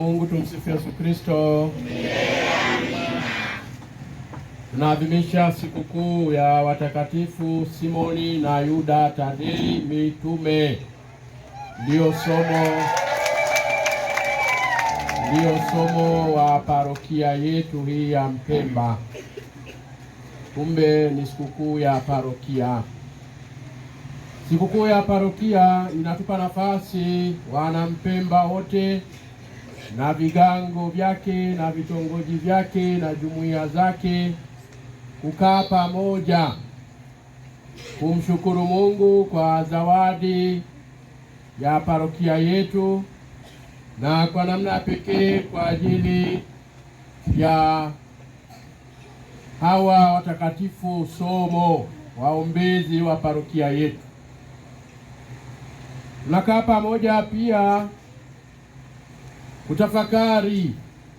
Mungu tumsifu Yesu Kristo. Tunaadhimisha sikukuu ya watakatifu Simoni na Yuda Tadei mitume. Ndiyo somo, ndio somo wa parokia yetu hii ya Mpemba. Kumbe ni sikukuu ya parokia. Sikukuu ya parokia inatupa nafasi wana Mpemba wote na vigango vyake na vitongoji vyake na jumuiya zake kukaa pamoja kumshukuru Mungu kwa zawadi ya parokia yetu na kwa namna pekee kwa ajili ya hawa watakatifu somo waombezi wa parokia yetu. Tunakaa pamoja pia kutafakari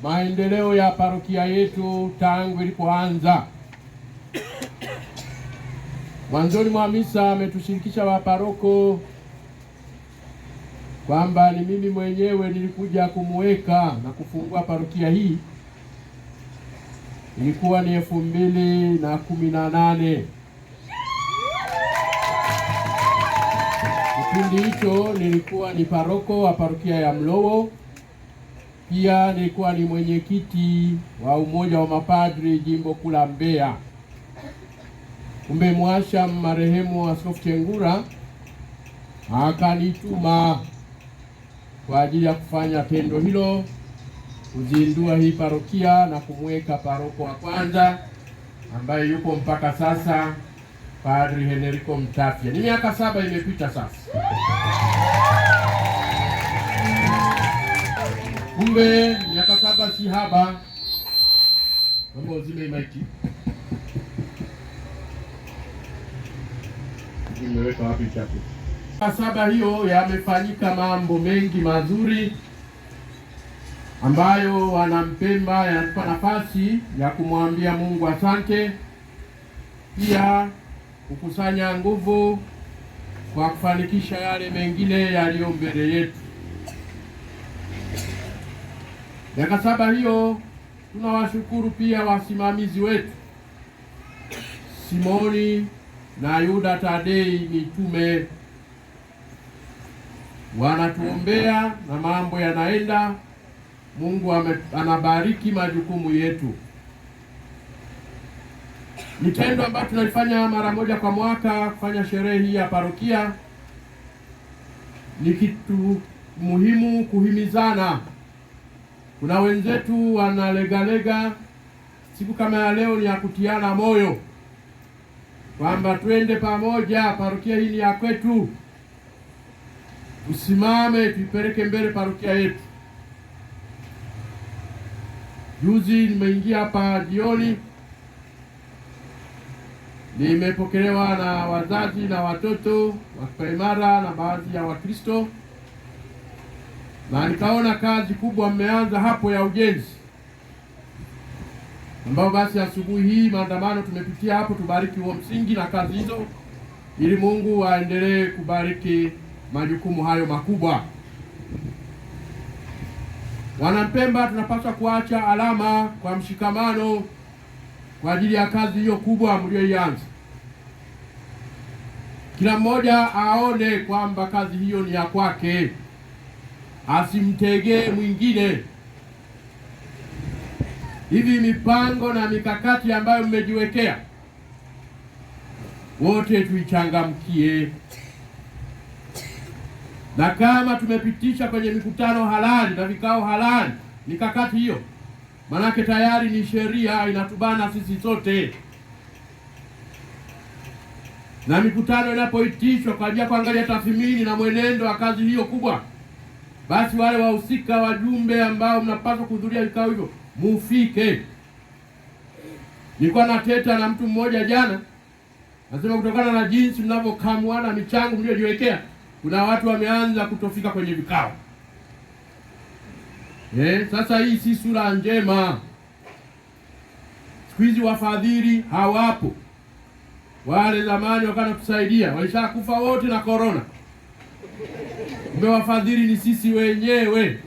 maendeleo ya parokia yetu tangu ilipoanza. Mwanzoni mwa misa ametushirikisha waparoko kwamba ni mimi mwenyewe nilikuja kumweka na kufungua parokia hii, ilikuwa ni elfu mbili na kumi na nane. Kipindi hicho nilikuwa ni paroko wa parokia ya Mlowo. Pia nilikuwa ni mwenyekiti wa umoja wa mapadri jimbo kuu la Mbeya. Kumbe mwasha marehemu Askofu Chengura akanituma kwa ajili ya kufanya tendo hilo, kuzindua hii parokia na kumweka paroko wa kwanza ambaye yupo mpaka sasa, Padri Henerico Mtafya. Ni miaka saba imepita sasa. Kumbe miaka saba si haba. Naomba uzime maiki. Nimeweka wapi chapu? Miaka saba hiyo yamefanyika mambo mengi mazuri ambayo wanampemba yanatupa nafasi ya kumwambia Mungu asante, pia kukusanya nguvu kwa kufanikisha yale mengine yaliyo mbele yetu. Miaka saba hiyo, tunawashukuru pia wasimamizi wetu Simoni na Yuda Tadei mitume, wanatuombea na mambo yanaenda. Mungu ame, anabariki majukumu yetu. Ni tendo ambayo tunaifanya mara moja kwa mwaka kufanya sherehe hii ya parokia. Ni kitu muhimu kuhimizana kuna wenzetu wanalegalega. Siku kama ya leo ni ya kutiana moyo kwamba twende pamoja, parokia hii ni ya kwetu, tusimame tuipeleke mbele parokia yetu. Juzi nimeingia hapa jioni, nimepokelewa na wazazi na watoto wa kipaimara na baadhi ya Wakristo na nikaona kazi kubwa mmeanza hapo ya ujenzi, ambayo basi asubuhi hii maandamano tumepitia hapo. Tubariki huo msingi na kazi hizo, ili Mungu aendelee kubariki majukumu hayo makubwa. Wanampemba, tunapaswa kuacha alama kwa mshikamano kwa ajili ya kazi hiyo kubwa mlioianza. Kila mmoja aone kwamba kazi hiyo ni ya kwake asimtegee mwingine. Hivi mipango na mikakati ambayo mmejiwekea wote tuichangamkie, na kama tumepitisha kwenye mikutano halali na vikao halali mikakati hiyo, manake tayari ni sheria inatubana sisi sote. Na mikutano inapoitishwa kwa ajili ya kuangalia tathmini na mwenendo wa kazi hiyo kubwa basi wale wahusika, wajumbe ambao mnapaswa kuhudhuria vikao hivyo, mufike. Nilikuwa nateta na mtu mmoja jana, nasema kutokana na jinsi mnavyokamwa na michango mliojiwekea, kuna watu wameanza kutofika kwenye vikao. Eh, sasa hii si sura njema. Siku hizi wafadhili hawapo, wale zamani wakana tusaidia walishakufa wote na korona. Umewafadhili ni sisi wenyewe,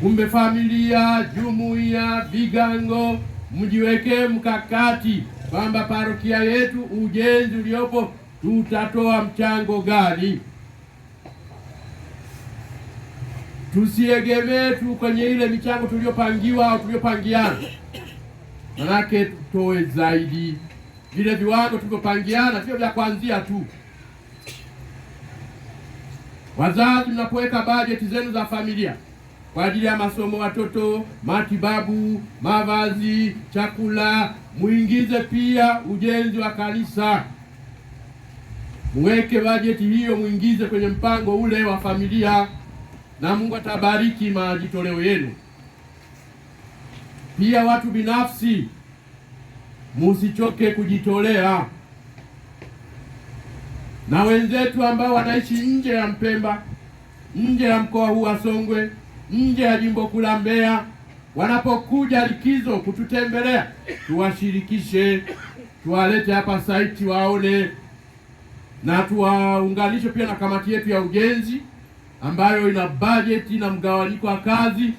kumbe familia, jumuiya, vigango, mjiwekee mkakati kwamba parokia yetu, ujenzi uliopo, tutatoa mchango gani? Tusiegemee tu kwenye ile michango tuliyopangiwa au tuliyopangiana, manake tutoe zaidi. Vile viwango tulivyopangiana sio vya kuanzia tu. Wazazi, mnapoweka bajeti zenu za familia kwa ajili ya masomo watoto, matibabu, mavazi, chakula, muingize pia ujenzi wa kanisa. muweke bajeti hiyo, muingize kwenye mpango ule wa familia, na Mungu atabariki majitoleo yenu. Pia watu binafsi, musichoke kujitolea na wenzetu ambao wanaishi nje ya Mpemba, nje ya mkoa huu wa Songwe, nje ya jimbo kuu la Mbeya, wanapokuja likizo kututembelea, tuwashirikishe, tuwalete hapa saiti waone, na tuwaunganishe pia na kamati yetu ya ujenzi ambayo ina bajeti na mgawanyiko wa kazi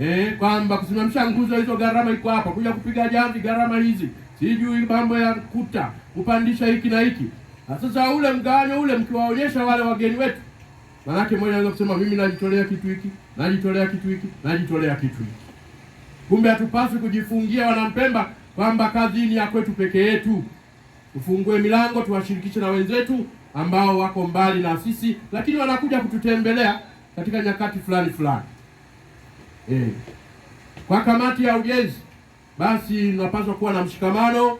eh, kwamba kusimamisha nguzo hizo gharama iko hapa, kuja kupiga jamvi gharama hizi, sijui mambo ya kuta, kupandisha hiki na hiki sasa ule mgawanyo ule mkiwaonyesha wale wageni wetu, maanake mmoja anaweza kusema mimi najitolea kitu hiki, najitolea kitu hiki, najitolea kitu hiki. Kumbe hatupaswi kujifungia Wanampemba kwamba kazi ni ya kwetu peke yetu. Tufungue milango, tuwashirikishe na wenzetu ambao wako mbali na sisi, lakini wanakuja kututembelea katika nyakati fulani fulani. Eh, kwa kamati ya ujenzi basi, tunapaswa kuwa na mshikamano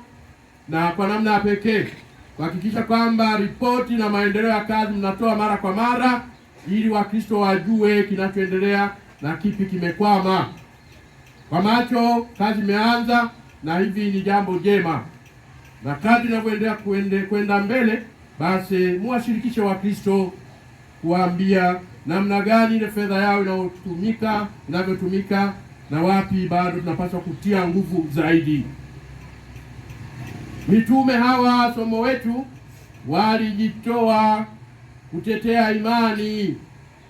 na kwa namna ya pekee kuhakikisha kwamba ripoti na maendeleo ya kazi mnatoa mara kwa mara ili Wakristo wajue kinachoendelea na kipi kimekwama. Kwa macho kazi imeanza na hivi ni jambo jema, na kadri inavyoendelea kwenda mbele, basi muwashirikishe Wakristo kuambia namna gani ile fedha yao inayotumika inavyotumika na wapi bado tunapaswa kutia nguvu zaidi. Mitume hawa somo wetu walijitoa kutetea imani,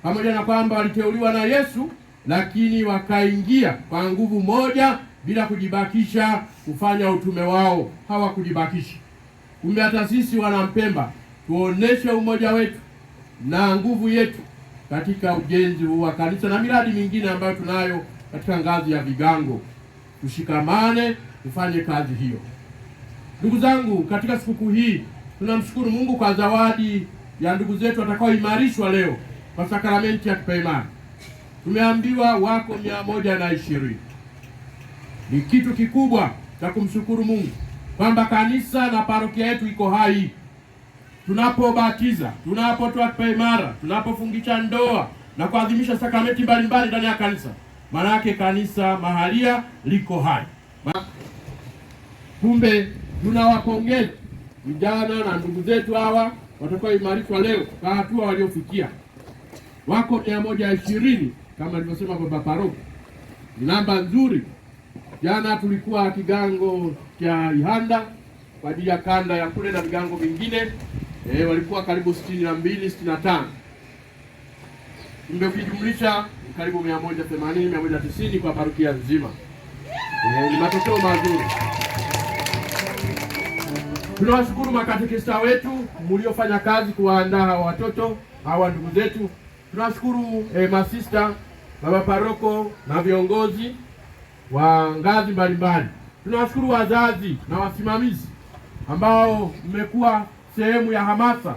pamoja na kwamba waliteuliwa na Yesu, lakini wakaingia kwa nguvu moja bila kujibakisha kufanya utume wao, hawakujibakisha. Kumbe hata sisi Wanampemba tuoneshe umoja wetu na nguvu yetu katika ujenzi huu wa kanisa na miradi mingine ambayo tunayo katika ngazi ya vigango. Tushikamane, tufanye kazi hiyo. Ndugu zangu, katika sikukuu hii tunamshukuru Mungu kwa zawadi ya ndugu zetu watakaoimarishwa leo kwa sakramenti ya kipaimara. Tumeambiwa wako mia moja na ishirini. Ni kitu kikubwa cha kumshukuru Mungu kwamba kanisa na parokia yetu iko hai. Tunapobatiza, tunapotoa kipaimara, tunapofungisha ndoa na kuadhimisha sakramenti mbalimbali ndani ya kanisa, maana yake kanisa mahalia liko hai. Kumbe tunawapongeza vijana na ndugu zetu hawa watakaoimarishwa leo kwa hatua waliofikia, wako mia moja ishirini kama alivyosema baba paroko. Ni namba nzuri. Jana tulikuwa kigango cha Ihanda kwa ajili ya kanda ya kule na vigango vingine e, walikuwa karibu sitini na mbili sitini na tano tumekijumlisha karibu mia moja themanini mia moja tisini kwa parokia nzima. E, ni matokeo mazuri. Tunawashukuru makatekista wetu mliofanya kazi kuwaandaa hawa watoto hawa ndugu zetu. Tunawashukuru eh, masista, baba paroko na viongozi wa ngazi mbalimbali. Tunawashukuru wazazi na wasimamizi ambao mmekuwa sehemu ya hamasa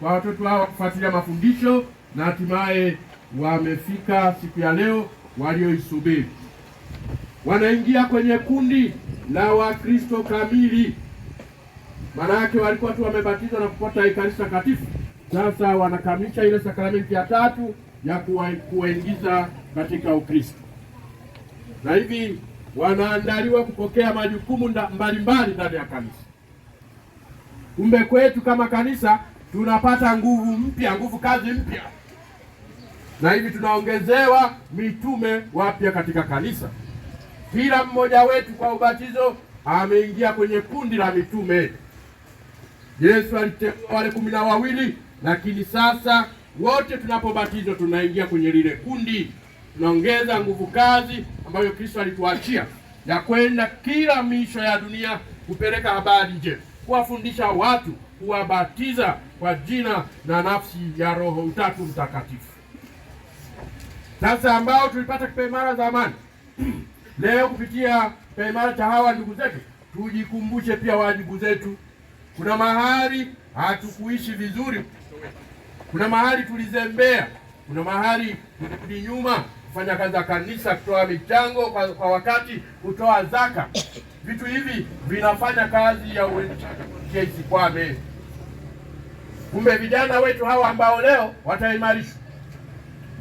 kwa watoto hao kufuatilia mafundisho na hatimaye wamefika siku ya leo walioisubiri, wanaingia kwenye kundi la Wakristo kamili. Maana yake walikuwa tu wamebatizwa na kupata Ekaristi Takatifu, sasa wanakamilisha ile sakramenti ya tatu ya kuwaingiza katika Ukristo, na hivi wanaandaliwa kupokea majukumu mbalimbali ndani ya kanisa. Kumbe kwetu kama kanisa tunapata nguvu mpya, nguvu kazi mpya, na hivi tunaongezewa mitume wapya katika kanisa. Kila mmoja wetu kwa ubatizo ameingia kwenye kundi la mitume. Yesu aliteua wale kumi na wawili, lakini sasa wote tunapobatizwa tunaingia kwenye lile kundi, tunaongeza nguvu kazi ambayo Kristo alituachia ya kwenda kila misho ya dunia kupeleka habari nje, kuwafundisha watu, kuwabatiza kwa jina na nafsi ya Roho Utatu Mtakatifu. Sasa ambao tulipata kipaimara zamani, leo kupitia kipaimara cha hawa ndugu zetu, tujikumbushe pia wajibu zetu kuna mahali hatukuishi vizuri, kuna mahali tulizembea, kuna mahali tulirudi nyuma kufanya kazi za kanisa, kutoa michango kwa, kwa wakati, kutoa zaka. Vitu hivi vinafanya kazi ya ujenzi kwame. Kumbe vijana wetu hawa ambao leo wataimarishwa,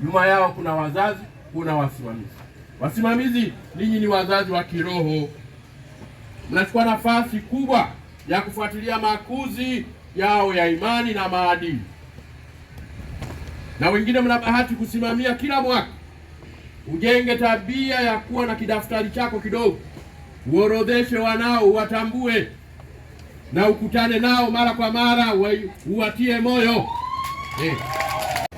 nyuma yao kuna wazazi, kuna wasimamizi. Wasimamizi, ninyi ni wazazi wa kiroho, mnachukua nafasi kubwa ya kufuatilia makuzi yao ya imani na maadili, na wengine mna bahati kusimamia kila mwaka. Ujenge tabia ya kuwa na kidaftari chako kidogo, uorodheshe wanao, uwatambue na ukutane nao mara kwa mara, uwatie moyo eh.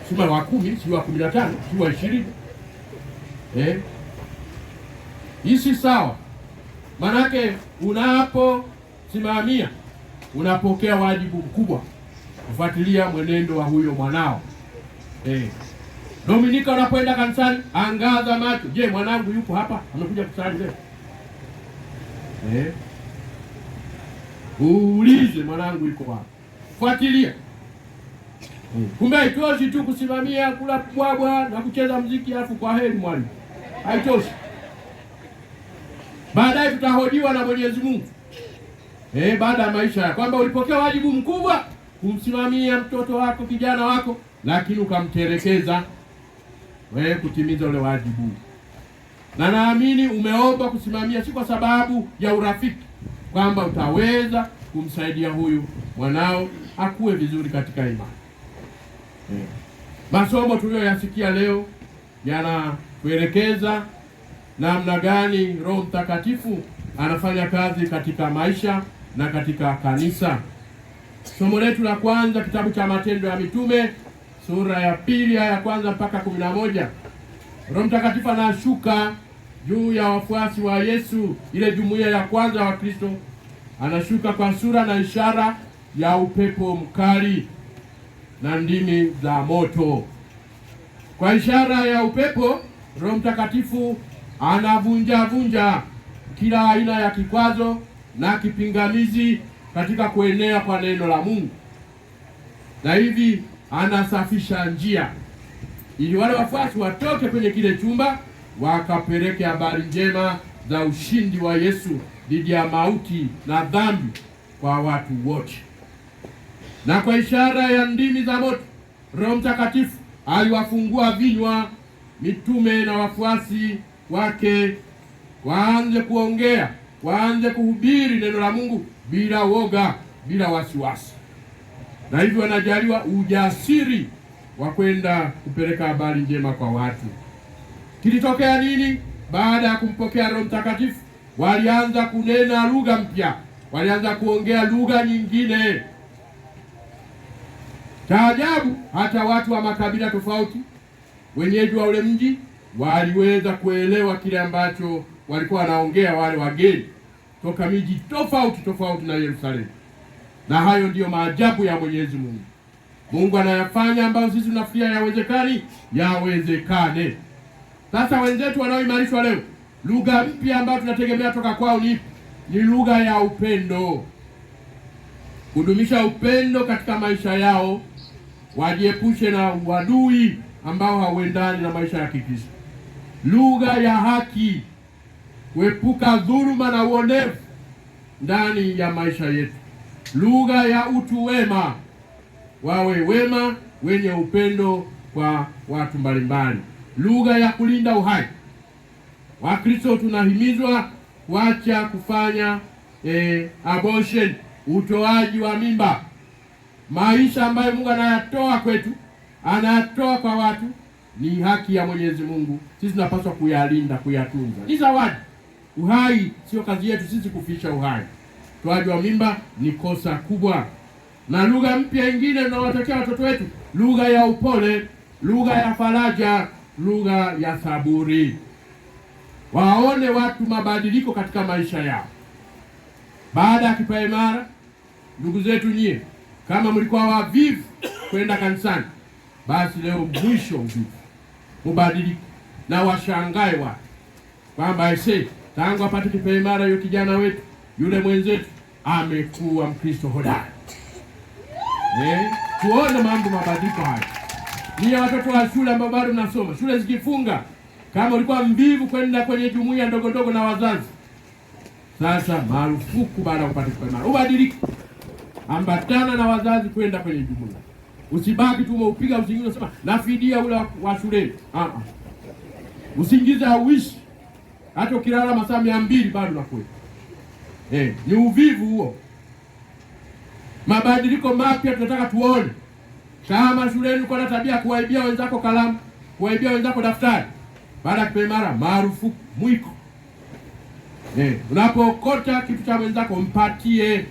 Si wa kumi, si wa kumi na tano, si wa ishirini eh. Hii si sawa, manake unapo simamia, unapokea wajibu mkubwa kufuatilia mwenendo wa huyo mwanao eh. Dominika, unapoenda kanisani angaza macho. Je, mwanangu yuko hapa? Amekuja kusali leo eh? Uulize mwanangu yuko wapi, fuatilia e, Kumbe haitoshi tu kusimamia kula bwabwa na kucheza mziki alafu kwa heri mwalimu, haitoshi. Baadaye tutahojiwa na Mwenyezi Mungu eh, baada ya maisha ya kwamba ulipokea wajibu mkubwa kumsimamia mtoto wako kijana wako, lakini ukamterekeza wewe kutimiza ule wajibu. Na naamini umeomba kusimamia, si kwa sababu ya urafiki, kwamba utaweza kumsaidia huyu mwanao akuwe vizuri katika imani e, Masomo tuliyoyasikia leo yanakuelekeza namna gani Roho Mtakatifu anafanya kazi katika maisha na katika kanisa. Somo letu la kwanza kitabu cha Matendo ya Mitume sura ya pili aya ya kwanza mpaka kumi na moja. Roho Mtakatifu anashuka juu ya wafuasi wa Yesu, ile jumuiya ya kwanza wa Kristo, anashuka kwa sura na ishara ya upepo mkali na ndimi za moto. Kwa ishara ya upepo, Roho Mtakatifu anavunjavunja kila aina ya kikwazo na kipingamizi katika kuenea kwa neno la Mungu, na hivi anasafisha njia ili wale wafuasi watoke kwenye kile chumba wakapeleke habari njema za ushindi wa Yesu dhidi ya mauti na dhambi kwa watu wote. Na kwa ishara ya ndimi za moto, Roho Mtakatifu aliwafungua vinywa mitume na wafuasi wake waanze kuongea waanze kuhubiri neno la Mungu bila woga, bila wasiwasi, na hivyo wanajaliwa ujasiri wa kwenda kupeleka habari njema kwa watu. Kilitokea nini baada ya kumpokea Roho Mtakatifu? Walianza kunena lugha mpya, walianza kuongea lugha nyingine. Cha ajabu, hata watu wa makabila tofauti, wenyeji wa ule mji, waliweza kuelewa kile ambacho walikuwa wanaongea wale wageni toka miji tofauti tofauti na Yerusalemu. Na hayo ndiyo maajabu ya Mwenyezi Mungu. Mungu anayafanya ambayo sisi tunafikiria yawezekani, yawezekane. Sasa wenzetu wanaoimarishwa leo, lugha mpya ambayo tunategemea toka kwao ni ni lugha ya upendo, kudumisha upendo katika maisha yao, wajiepushe na uadui ambao hauendani na maisha ya Kikristo, lugha ya haki kuepuka dhuluma na uonevu ndani ya maisha yetu. Lugha ya utu wema, wawe wema wenye upendo kwa watu mbalimbali. Lugha ya kulinda uhai, Wakristo tunahimizwa kuacha kufanya eh, abortion, utoaji wa mimba. Maisha ambayo Mungu anayatoa kwetu, anayatoa kwa watu, ni haki ya Mwenyezi Mungu. Sisi tunapaswa kuyalinda, kuyatunza, ni zawadi Uhai sio kazi yetu sisi kuficha uhai. Utoaji wa mimba ni kosa kubwa. Na lugha mpya ingine tunawatakia watoto wetu, lugha ya upole, lugha ya faraja, lugha ya saburi, waone watu mabadiliko katika maisha yao. Baada ya kipaimara, ndugu zetu nyie, kama mlikuwa wavivu kwenda kanisani, basi leo mwisho uvivu, mubadilike na washangae watu kwamba ese tangu apate kipaimara huyo kijana wetu yule mwenzetu amekuwa Mkristo hodari. Eh, tuone mambo mabadiliko haya. Ni watoto wa shule ambao bado nasoma shule zikifunga, kama ulikuwa mvivu kwenda kwenye jumuiya ndogo ndogo na wazazi, sasa marufuku baada ya kupata kipaimara, ubadilike, ambatana na wazazi kwenda kwenye jumuiya. Usibaki tu umeupiga usingizi unasema nafidia ule wa shule. Ah, ah, usingizi hauishi hata ukilala masaa mia mbili bado nakuwa eh, ni uvivu huo. Mabadiliko mapya tunataka tuone. Kama shuleni ulikuwa na tabia kuwaibia wenzako kalamu, kuwaibia wenzako daftari, baada ya kipaimara marufuku, mwiko eh, unapokota kitu cha wenzako mpatie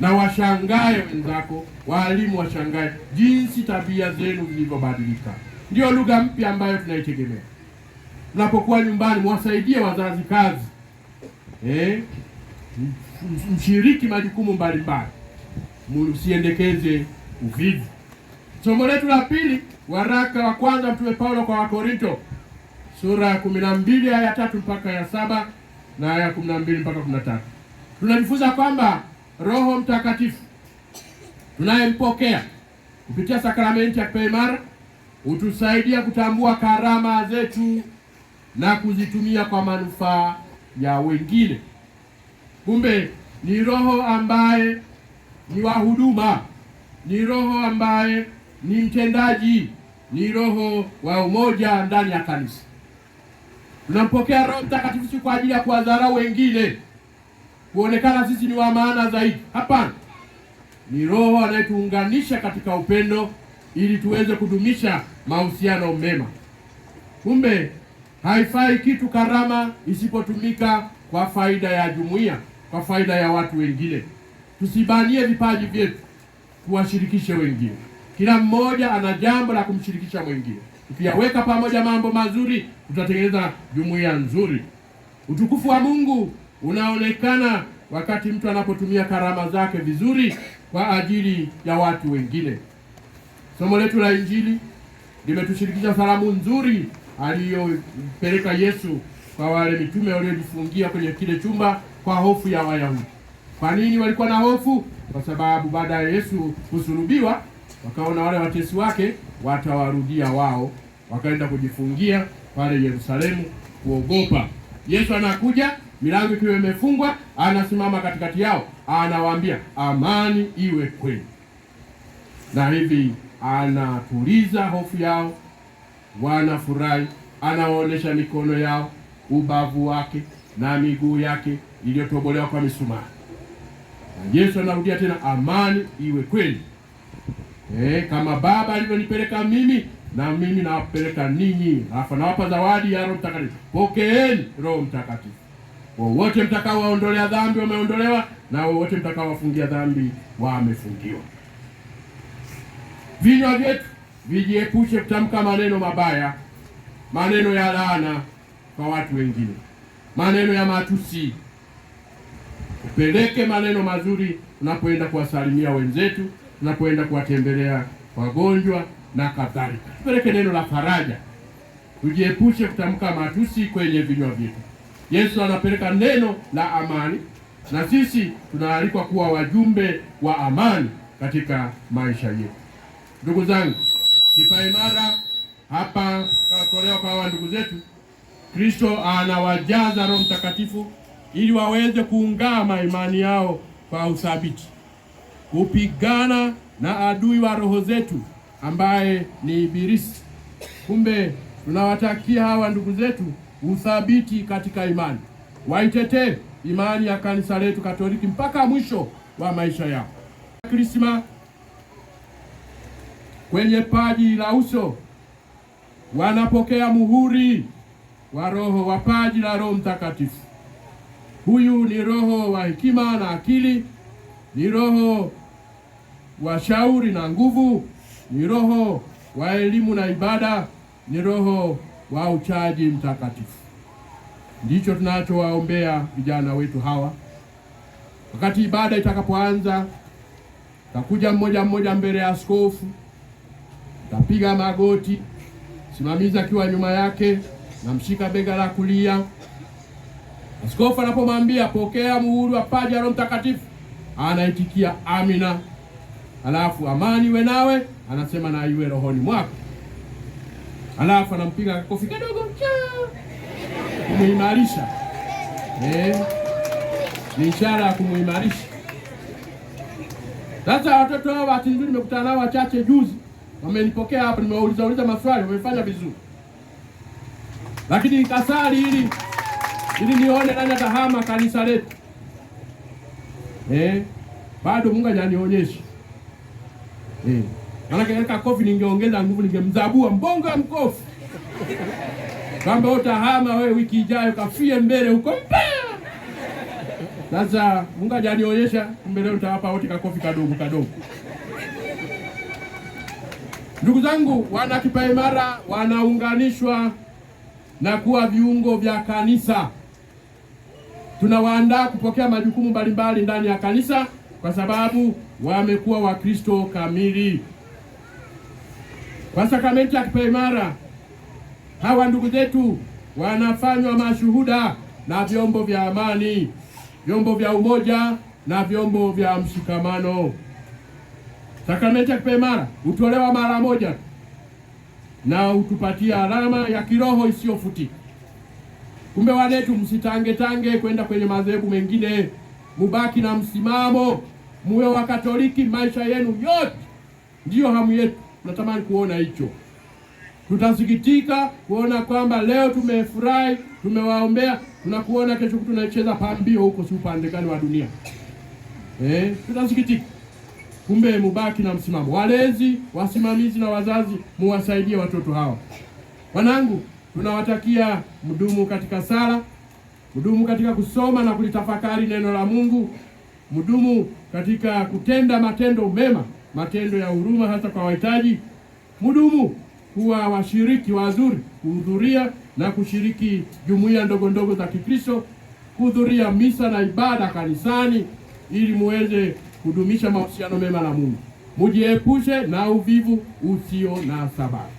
na washangae wenzako, walimu washangae jinsi tabia zenu zilivyobadilika. Ndiyo lugha mpya ambayo tunaitegemea mnapokuwa nyumbani mwasaidie wazazi kazi eh? Mshiriki majukumu mbalimbali, msiendekeze uvivu. Somo letu la pili, waraka wa kwanza Mtume Paulo kwa Wakorinto sura ya kumi na mbili aya ya tatu mpaka ya saba na aya ya kumi na mbili mpaka kumi na tatu tunajifunza kwamba Roho Mtakatifu tunayempokea kupitia sakramenti ya kipaimara hutusaidia kutambua karama zetu na kuzitumia kwa manufaa ya wengine. Kumbe ni roho ambaye ni wa huduma, ni roho ambaye ni mtendaji, ni roho wa umoja ndani ya kanisa. Tunampokea Roho Mtakatifu si kwa ajili ya kuwadharau wengine, kuonekana sisi ni wa maana zaidi. Hapana, ni roho anayetuunganisha katika upendo ili tuweze kudumisha mahusiano mema. Kumbe Haifai kitu karama isipotumika kwa faida ya jumuiya, kwa faida ya watu wengine. Tusibanie vipaji vyetu, tuwashirikishe wengine. Kila mmoja ana jambo la kumshirikisha mwingine. Tukiyaweka pamoja mambo mazuri, tutatengeneza jumuiya nzuri. Utukufu wa Mungu unaonekana wakati mtu anapotumia karama zake vizuri kwa ajili ya watu wengine. Somo letu la Injili limetushirikisha salamu nzuri aliyompeleka Yesu kwa wale mitume waliojifungia kwenye kile chumba kwa hofu ya Wayahudi. Kwa nini walikuwa na hofu? Kwa sababu baada ya Yesu kusulubiwa, wakaona wale watesi wake watawarudia wao, wakaenda kujifungia pale Yerusalemu kuogopa. Yesu anakuja, milango ikiwa imefungwa, anasimama katikati yao, anawaambia amani iwe kwenu, na hivi anatuliza hofu yao wanafurahi, anaonyesha mikono yao, ubavu wake na miguu yake iliyotobolewa kwa misumari. Na Yesu anarudia tena, amani iwe kweli. E, eh, kama Baba alivyonipeleka mimi na mimi nawapeleka ninyi, alafu nawapa zawadi ya Roho Mtakatifu. Pokeeni Roho Mtakatifu. Wowote mtakaowaondolea dhambi wameondolewa, na wowote mtakaowafungia dhambi wamefungiwa. Vinywa vyetu vijiepushe kutamka maneno mabaya, maneno ya laana kwa watu wengine, maneno ya matusi. Upeleke maneno mazuri unapoenda kuwasalimia wenzetu, unapoenda kuwatembelea wagonjwa na kadhalika. Tupeleke neno la faraja, tujiepushe kutamka matusi kwenye vinywa vyetu. Yesu anapeleka neno la amani, na sisi tunaalikwa kuwa wajumbe wa amani katika maisha yetu, ndugu zangu kipaimara hapa katolewa kwa hawa ndugu zetu. Kristo anawajaza Roho Mtakatifu ili waweze kuungama imani yao kwa uthabiti, kupigana na adui wa roho zetu ambaye ni Ibilisi. Kumbe tunawatakia hawa ndugu zetu uthabiti katika imani, waitetee imani ya kanisa letu Katoliki mpaka mwisho wa maisha yao. Krisma kwenye paji la uso, wanapokea muhuri wa roho wa paji la Roho Mtakatifu. Huyu ni roho wa hekima na akili, ni roho wa shauri na nguvu, ni roho wa elimu na ibada, ni roho wa uchaji mtakatifu. Ndicho tunachowaombea vijana wetu hawa. Wakati ibada itakapoanza, takuja mmoja mmoja mbele ya askofu tapiga magoti, simamizi akiwa nyuma yake, namshika bega la kulia. Askofu anapomwambia pokea muhuri wa paji ya Roho Mtakatifu, anaitikia amina. Alafu amani iwe nawe, anasema na iwe rohoni mwako. Alafu anampiga kofi kidogo kumuimarisha, eh, ni ishara ya kumuimarisha. Sasa watoto hao bahati nzuri nimekutana nao wachache juzi wamelipokea hapa, nimewauliza uliza maswali, wamefanya vizuri, lakini nikasali ili ili nione nani atahama kanisa letu eh, bado Mungu hajanionyesha eh, maanake katika kofi ningeongeza nguvu, ningemzabua mbongo ya mkofi kwamba utahama wewe wiki ijayo kafie mbele huko mpaa. Sasa Mungu hajanionyesha mbele, utawapa wote kakofi kadogo kadogo. Ndugu zangu, wana Kipaimara wanaunganishwa na kuwa viungo vya kanisa. Tunawaandaa kupokea majukumu mbalimbali ndani ya kanisa kwa sababu wamekuwa Wakristo kamili. Kwa sakramenti ya Kipaimara, hawa ndugu zetu wanafanywa mashuhuda na vyombo vya amani, vyombo vya umoja na vyombo vya mshikamano. Sakramenti ya kipaimara hutolewa mara moja na hutupatia alama ya kiroho isiyofutika. Kumbe wanetu, msitangetange kwenda kwenye madhehebu mengine, mubaki na msimamo, muwe wa Katoliki maisha yenu yote. Ndiyo hamu yetu, tunatamani kuona hicho. Tutasikitika kuona kwamba leo tumefurahi, tumewaombea, tunakuona kesho tunacheza pambio huko, si upande gani wa dunia eh? Tutasikitika. Kumbe mubaki na msimamo. Walezi, wasimamizi na wazazi, muwasaidie watoto hawa. Wanangu, tunawatakia mdumu katika sala, mdumu katika kusoma na kulitafakari neno la Mungu, mdumu katika kutenda matendo mema, matendo ya huruma hasa kwa wahitaji, mdumu kuwa washiriki wazuri, kuhudhuria na kushiriki jumuiya ndogo ndogo za Kikristo, kuhudhuria misa na ibada kanisani ili muweze kudumisha mahusiano mema na Mungu. Mujiepushe na uvivu usio na sababu.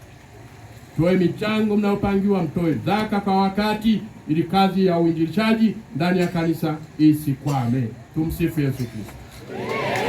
Toe michango mnayopangiwa, mtoe zaka kwa wakati, ili kazi ya uinjilishaji ndani ya kanisa isikwame. Tumsifu Yesu Kristo.